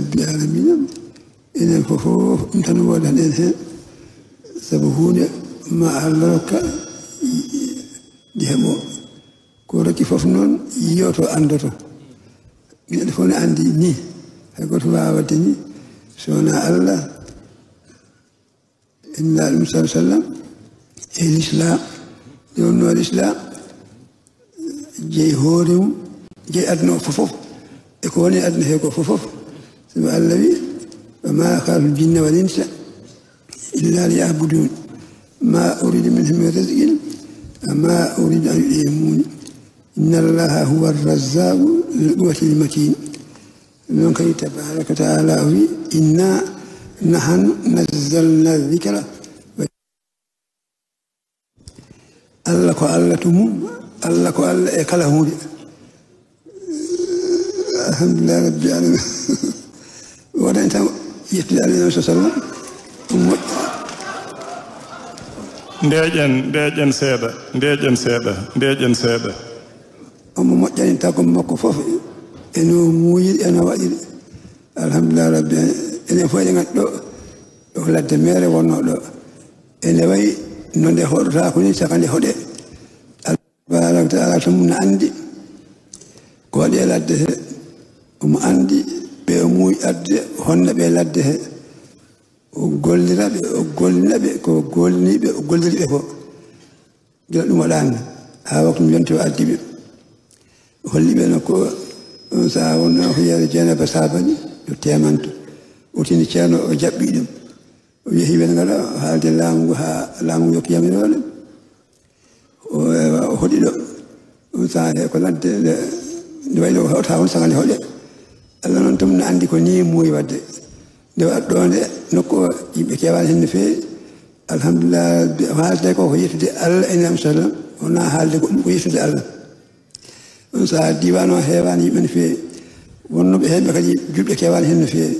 ɓe alamina enen fofoof ɗum tan wodan en heen sabu huunde ma allah rokka jeemo ko rokki fof noon yiyoto anndoto minen fof ne anndi ni hay goto wawadde ni sowona allah en laa ɗum sa sallam e l'islam jonno l'islam jeyi hoore mum jeyi aduna o fofof eko woni aduna heego fofof sama àll bi wa maa xalaqtul jinna wal insa illaa liya'buduun maa uriida minhum min rizqin wa maa uriida an yut'imuun inna allaha huwa razzaaqu zul quwwatil matiin noon kay tabaaraka wa ta'aala wi innaa nahnu nazzalnaa zikra allah ko allah tumum allah ko allah e kala hunde alhamdulillahi rabbil alamin waɗani tan yettude allah sa sallam ɗum moƴƴi ndeeƴen ndeeƴen seeɗa ndeeƴen seeɗa ndeeƴen seeɗa omo moƴƴani e makko fof eno muuyiɗi eno waɗiɗi alhamdulillah rabbi enen fof eɗen ganndi ɗo ladde mere wonno ɗo ene wayi no nde hoɗota ko ni saka nde hoɗe tabaraka taala to anndi ko waɗi e ladde he omo anndi ɓe muuƴ adde honno ɓe ladde he o golliraɓe o gollinaɓe ko golliniɓe o ko gila ɗum waɗani hawa ko yonti o addiɓe holliɓe no ko sa wonno ko yeere jeenaba sabani yo temanto otini ceerno o jaɓɓi ɗum o yehi wen ngala haalde laamu ngu ha laamu ngu yokkiyamiroole o hoɗi ɗo sa he ko ladde nde wayno hawta hon sagale hoɗe allah noon tum no ko ni muuyi wadde nde waɗ nde nokku yimɓe keewani hen no feewi alhamdulillah haalde ko ko yettude allah ene am sallam wona haalde goɗɗum yimɓe no feewi wonnoɓe hemɓe kadi julɓe keewani hen no feewi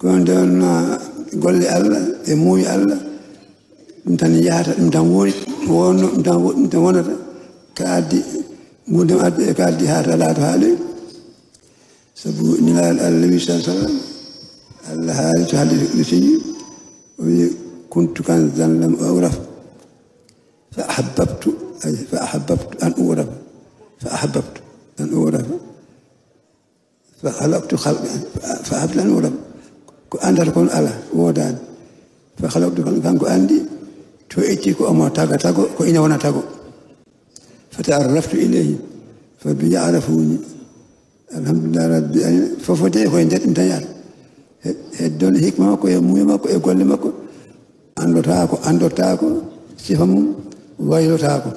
kono nde on golle allah e muuyi allah ɗum tan yahata ɗum tan wonata ka addi gurdam addi e ko addi sabu ninal annabi sa sallam allah haali to haalde no feewi o wi kuntu kan zan lam uraf fa fa ahbabtu an uraf fa ahabtu an uraf ko andata kon ala woodaani fa halaktu kanko anndi to etti ko omo taga tago ko ina wona tago fata arraftu ileyhi fa bi yarafuni alhamdulillah rabbi fofoote e koye nder ɗum tan yaata heddole hikma makko e muye makko e golle makko andotako andotako sifa mum waylotako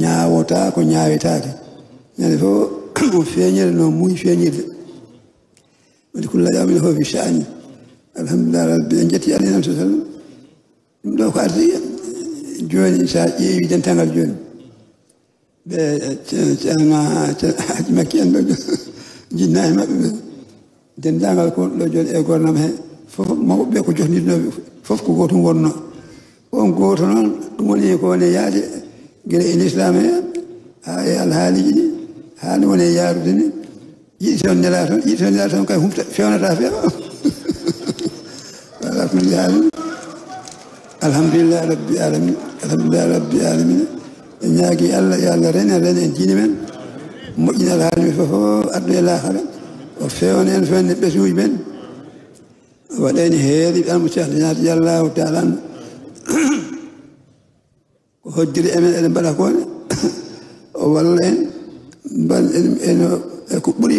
ñawotako ñawetake ñande fof o no muy feeñirde waɗi kulla yamin fof fi sha'ani alhamdulillah rabbi en jetti alah nam sa sallam ɗum ɗo ko arti joni sa ƴeewi joni ceerno haji makki en ɗo jinna e maɓɓe ɓe dendagal ko ɗo jooɗi e gornam he fof mawɓe ko jotnidnoɓe fof ko gotum wonno on goto noon ɗum woni kowone yaade guila en islam e alhaaliji haali woni e yaarude ni yiɗi yiɗi toon nela toon kay fewnata feewa ala rabbi alamin ñaagi allah yo allah ren en rena men moƴƴinal haala men fof addu e o fewna en fewne ɓesuji men waɗani heeri ɓe almu sahlinati allahu taala anu ko hoddiri emen eɗen mbaɗa kone o walla en mban eno e ko ɓuri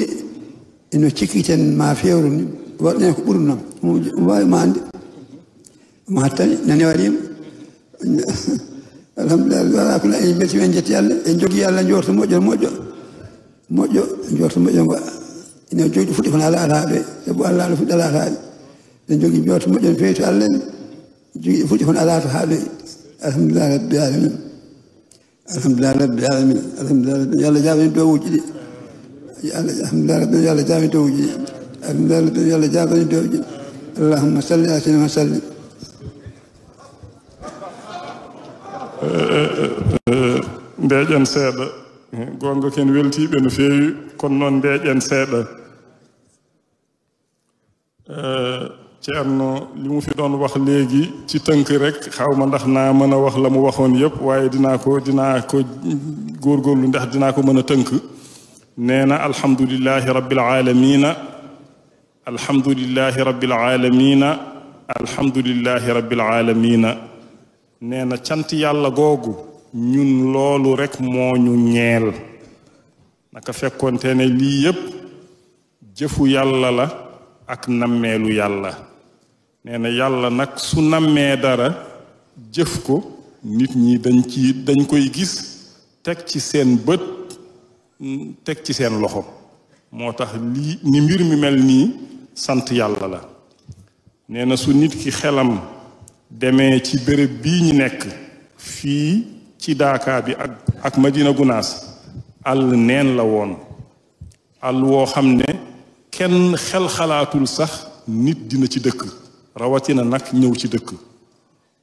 eno cikkiten ma fewru ni waɗɗen e ko ɓuri noon ɗum wawi ma ande ma hattani nane waɗima alhamdulilah ala kulli en beltima en jetti allah en jogii allah jorto moƴƴo moƴƴo moƴƴo jorto moƴƴo ngo ina jogɗi fuɗɗi kono ala alaaɓe sabu allah ala fuɗɗi ala alaaɓe en jogii jorto moƴƴo no fewi to allah en jogii fuɗɗi kono ala to haaɓe alhamdulillah rabbil alamin alhamdulillah rabbil alamin alhamdulillah rabbil yo allah jaaɓen dowuji ɗi alhamdulillah rabbil yo allah jaaɓen dowuji ɗi alhamdulillah rabbil yo allah jaaɓen dowji ɗi allahumma salli ala sayyidina sallim mbeeƴen seeɗa gonga ken weltiɓe no feewi kono noon seeɗa eh, ceerno li mu fi doon wax léegi ci tënk rek xaw ndax naa mën a wax la mu waxoon yëpp waaye dinaa ko dinaa ko góorgóorlu ndax dinaa ko mën a tënk nee na alhamdulilahi rabbil alamina alhamdulilahi rabbil alamina alhamdulilahi rabbil alamina nee na cant yàlla googu ñun loolu rekk moo ñu ñeel naka fekkonte ne lii yépp jëfu yàlla la ak nammeelu yàlla nee na yàlla nag su nammee dara jëf ko nit ñi dañ ci dañ koy gis teg ci seen bët teg ci seen loxo moo tax lii ni mbir mi mel nii sant yàlla la nee na su nit ki xelam deme ci bërëb bii ñu nekk fii ci daaka bi ak ak Madina Gunaas àll neen la woon àll woo xam ne kenn xel xalaatul sax nit dina ci dëkk rawatina nag ñëw ci dëkk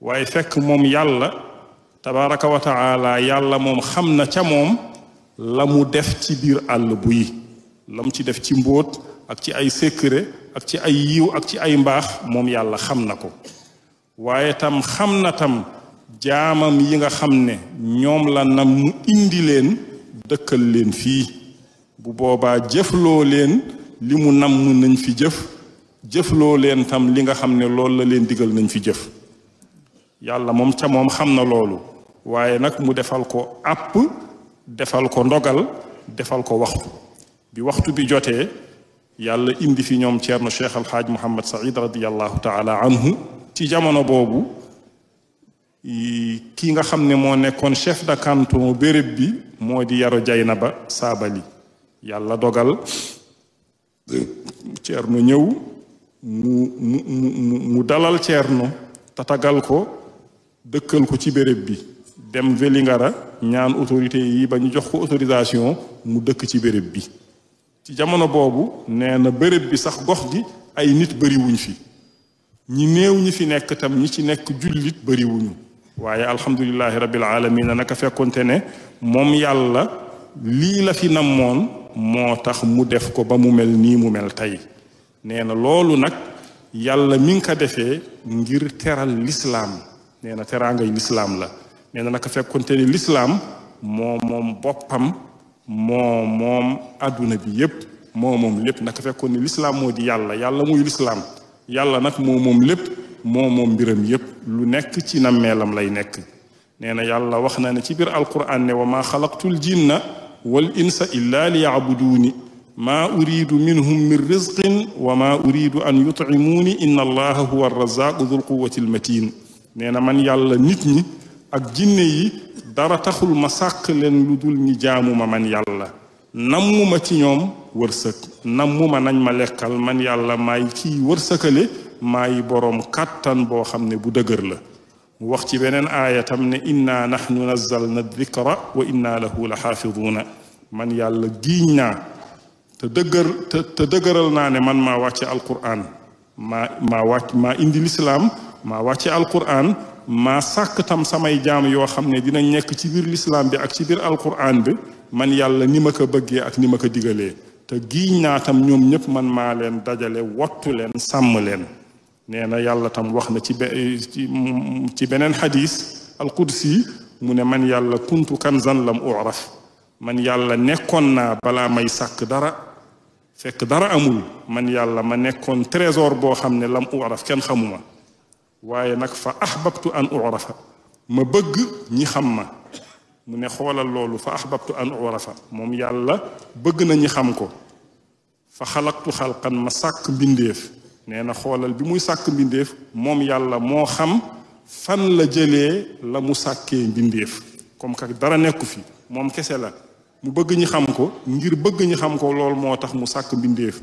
waaye fekk moom yàlla tabaraka wa taala yàlla moom xam na ca moom la mu def ci biir àll bu yi la mu ci def ci mbóot ak ci ay secret ak ci ay yiw ak ci ay mbaax moom yàlla xam na ko waaye tam xam na tam jaamam yi nga xam ne ñoom la nam mu indi leen dëkkal leen fii bu boobaa jëfloo leen li mu namm nañ fi jëf jëfloo leen tam li nga xam ne loolu la leen digal nañ fi jëf yàlla moom ca moom xam na loolu waaye nag mu defal ko àpp defal ko ndogal defal ko waxtu bi waxtu bi jotee yàlla indi fi ñoom ceerno cheikh alxaaj muhammad said radiallahu taala anhu ci jamono boobu ki nga xam ne moo nekkoon chef de canton béréb bi moo di Yoro Jaynaba Saabali yàlla dogal Ceerno ñëw mu mu mu mu dalal Ceerno tatagal ko dëkkal ko ci béréb bi dem Vélingara ñaan autorité yi ba ñu jox ko autorisation mu dëkk ci béréb bi ci jamono boobu nee na béréb bi sax gox gi ay nit bëriwuñ fi ñi néew ñi fi nekk tam ñi ci nekk jullit bariwuñu waaye alhamdulilahi rabbil alamina naka fekkonte ne moom yàlla lii la fi namoon moo tax mu def ko ba mu mel nii mu mel tey nee na loolu nag yàlla mi ngi ko defee ngir teral lislaam nee na teraangay lislaam la nee na naka fekkonte ne lislaam moo moom boppam moo moom adduna bi yépp moo moom lépp naka fekkoon ne lislaam moo di yàlla yàlla muy lislaam yàlla nag moo moom lépp moo moom mbiram yépp lu nekk ci nammeelam lay nekk nee na yàlla wax na ne ci biir alquran ne wa maa xalaqtul jinna wal insa illa li yacbuduuni maa uridu minhum min rizqin wa maa uridu an yutcimuuni inna allaha huwa arrazaaqu dul quwati almatin nee na man yàlla nit ñi ak jinne yi dara taxul ma sàkk lu dul ñi jaamu ma man yàlla nammuma ci ñoom wërsëg nammuma nañ ma lekkal man yàlla maay kii wërsëkale maay boroom kàttan boo xam ne bu dëgër la wax ci beneen aaya tam ne inna nahnu nazzalna dikra wa inna lahu la xaafiduuna man yàlla giiñ naa te dëgër te te dëgëral naa ne man maa wàcce alquran maa maa wàcc maa indi lislaam maa wàcce alquran maa sàkk tam samay jam yoo xam ne dinañ nekk ci biir lislaam bi ak ci biir alquran bi man yàlla ni ma ko bëggee ak ni ma ko digalee te giiñ naa tam ñoom ñëpp man maa leen dajale wattu leen sàmm leen nee na yàlla tam wax na ci ci beneen xadis alqudsi mu ne man yàlla kuntu kanzan lam uraf man yàlla nekkoon naa balaa may sàkk dara fekk dara amul man yàlla ma nekkoon trésor boo xam ne lam uraf kenn xamuma waaye nag fa ahbabtu an urafa ma bëgg ñi xam ma mu ne xoolal loolu fa ahbabtu an urafa moom yàlla bëgg na ñi xam ko fa xalaqtu xalqan ma sàkk mbindeef nee na xoolal bi muy sàkk mbindeef moom yàlla moo xam fan la jëlee la mu sàkkee mbindeef comme que dara nekku fi moom kese la mu bëgg ñi xam ko ngir bëgg ñi xam ko loolu moo tax mu sàkk mbindeef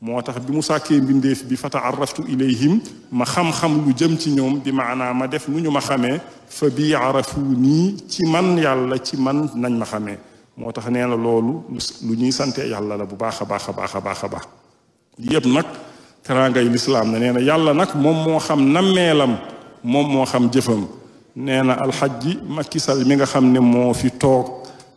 moo tax bi mu sàkkee mbindeef bi fataaraftu ilayhim ma xam-xam lu jëm ci ñoom bi maanaa ma def nu ñu ma xamee fa bi arafu nii ci man yàlla ci man nañ ma xamee moo tax nee na loolu lu ñuy sante yàlla la bu baax a baax a baax a baax a baax yëpp nag teraangay lislaam na nee na yàlla nag moom moo xam nammeelam moom moo xam jëfam nee na ma Macky Sall mi nga xam ne moo fi toog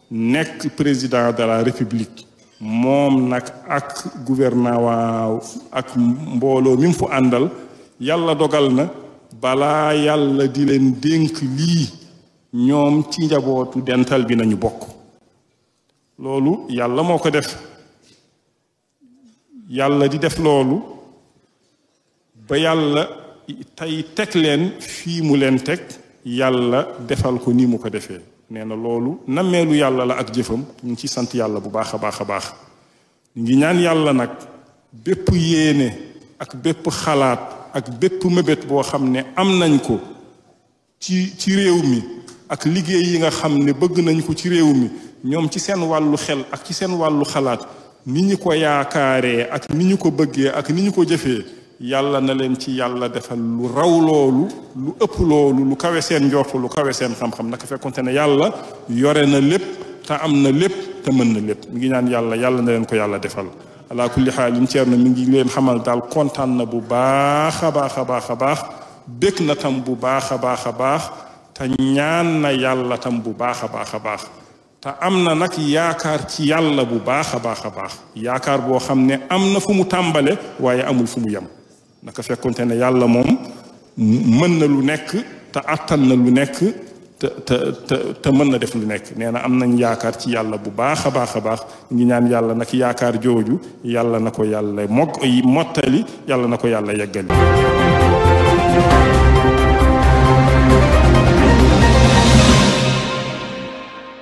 nekk président de la république moom nag ak gouvernement waaw ak mbooloo mi fu àndal yàlla dogal na balaa yàlla di leen dénk lii ñoom ci njabootu dental bi nañu bokk loolu yàlla moo ko def yàlla di def loolu ba yàlla tey teg leen fii mu leen teg yàlla defal ko nii mu ko defee nee na loolu nammeelu yàlla la ak jëfam ñu ci sant yàlla bu baax a baax a baax ngi ñaan yàlla nag bépp yéene ak bépp xalaat ak bépp mébét boo xam ne am nañ ko ci ci réew mi ak liggéey yi nga xam ne bëgg nañ ko ci réew mi ñoom ci seen wàllu xel ak ci seen wàllu xalaat ni ñu ko yaakaaree ak ni ñu ko bëggee ak ni ñu ko jëfee yàlla na leen ci yàlla defal lu raw loolu lu ëpp loolu lu kawe seen njortu lu kawe seen xam-xam naka fekkonte ne yàlla yore na lépp te am na lépp te mën na lépp mu ngi ñaan yàlla yàlla na leen ko yàlla defal ala kulli xaalin Ceerno mi ngi leen xamal daal kontaan na bu baax a baax a baax a baax bëgg na tam bu baax a baax a baax te ñaan na yàlla tam bu baax a baax a baax te am na nag yaakaar ci yàlla bu baax a baax a baax yaakaar boo xam ne am na fu mu tàmbale waaye amul fu mu yem naka fekkonte ne yàlla moom mën na lu nekk te attan na lu nekk te te te mën na def lu nekk nee na am nañ yaakaar ci yàlla bu baax a baax a baax ngi ñaan yàlla nag yaakaar jooju yàlla na ko yàlla mokk mottali yàlla na ko yàlla yeggali